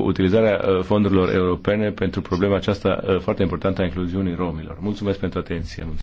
cu utilizarea uh, fondurilor europene pentru problema aceasta uh, foarte importantă a incluziunii romilor. Mulțumesc pentru atenție.